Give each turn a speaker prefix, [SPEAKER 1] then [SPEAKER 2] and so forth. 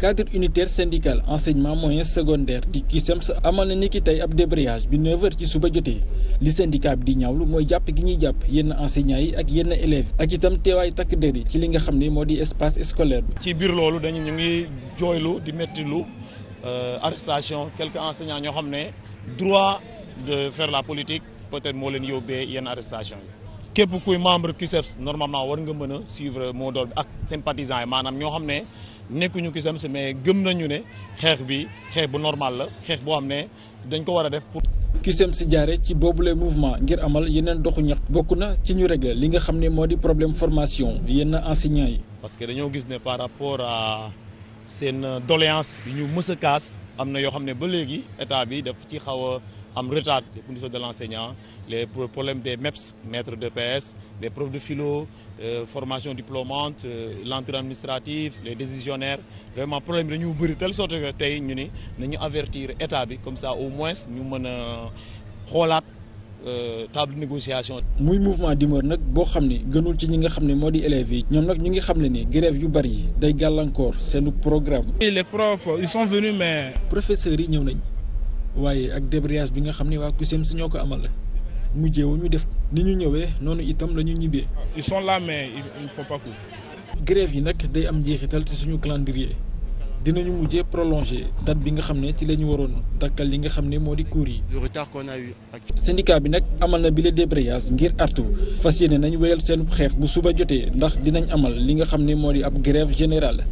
[SPEAKER 1] cadre unitaire syndical enseignement moyen secondaire di CUSEMS amal na ki tey ab débrayage bi 9h ci suba jotee li syndicat bi di ñaawlu mooy jàpp gi ñuy jàpp yenn enseignants yi ak yenn élèves ak itam teewaay takk der yi ci li nga xam ni moo di espace scolaire bi. ci biir loolu dañu ñu ngi
[SPEAKER 2] jooylu di metti lu euh, arrestation quelques enseignants ñoo xam ne droit de faire la politique peut-être moo leen yóbbee yenn arrestation yi. képp kuy membre CUSEMS normalement war nga mën a suivre mot d'ordre bi ak sympathisants yi maanaam ñoo xam ne nekkuñu CUSEMS mais gëm nañu ne xeex bi xeex bu normal la xeex boo xam ne dañ ko war a def
[SPEAKER 1] pour. CUSEMS jaare ci boobu boobule mouvement ngir amal yeneen doxu ñax bokk na ci ñu régler li nga xam ne moo di problème formation yenn enseignants yi.
[SPEAKER 2] parce que dañoo gis ne par rapport a seen doléance yu ñu mës kaas am na yoo xam ne ba léegi état bi daf ci xaw a. am retard des conditions de l'enseignant les problème des MEPS maîtres de PS des profs de filo euh, formation diplômante euh, l'entrée administrative les vraiment problème bi dañu bëri telle sorte que tey ñu ni nañu avertir état bi comme ça au moins ñu mën a xoolaat euh, table négociation.
[SPEAKER 1] muy mouvement d'humeur nag boo xam ne gënul ci ñi nga xam ne moo di élèves yi. ñoom nag ñu ngi xam ne nii grève yu bari yi day gàllankoor seenu programme. les profs ils mais. professeurs yi ñëw nañ. waaye ak débrayage bi nga xam ni waa CUSEMS si ñoo ko amal mujje wu ñu def ni ñu ñëwee noonu itam la ñu ñibbee. ils sont là mais il faut grève yi nag day am njeexital ci suñu calendrier dinañu mujjee prolongé date bi nga xam ne ci la ñu waroon dakkal li nga xam ne moo di cours yi. le retard qu'on a eu syndicat bi nag amal na bile débrayage ngir artu fas yéene nañu wéyal seen xeex bu suba jotee ndax dinañ amal li nga xam ne moo di ab grève générale.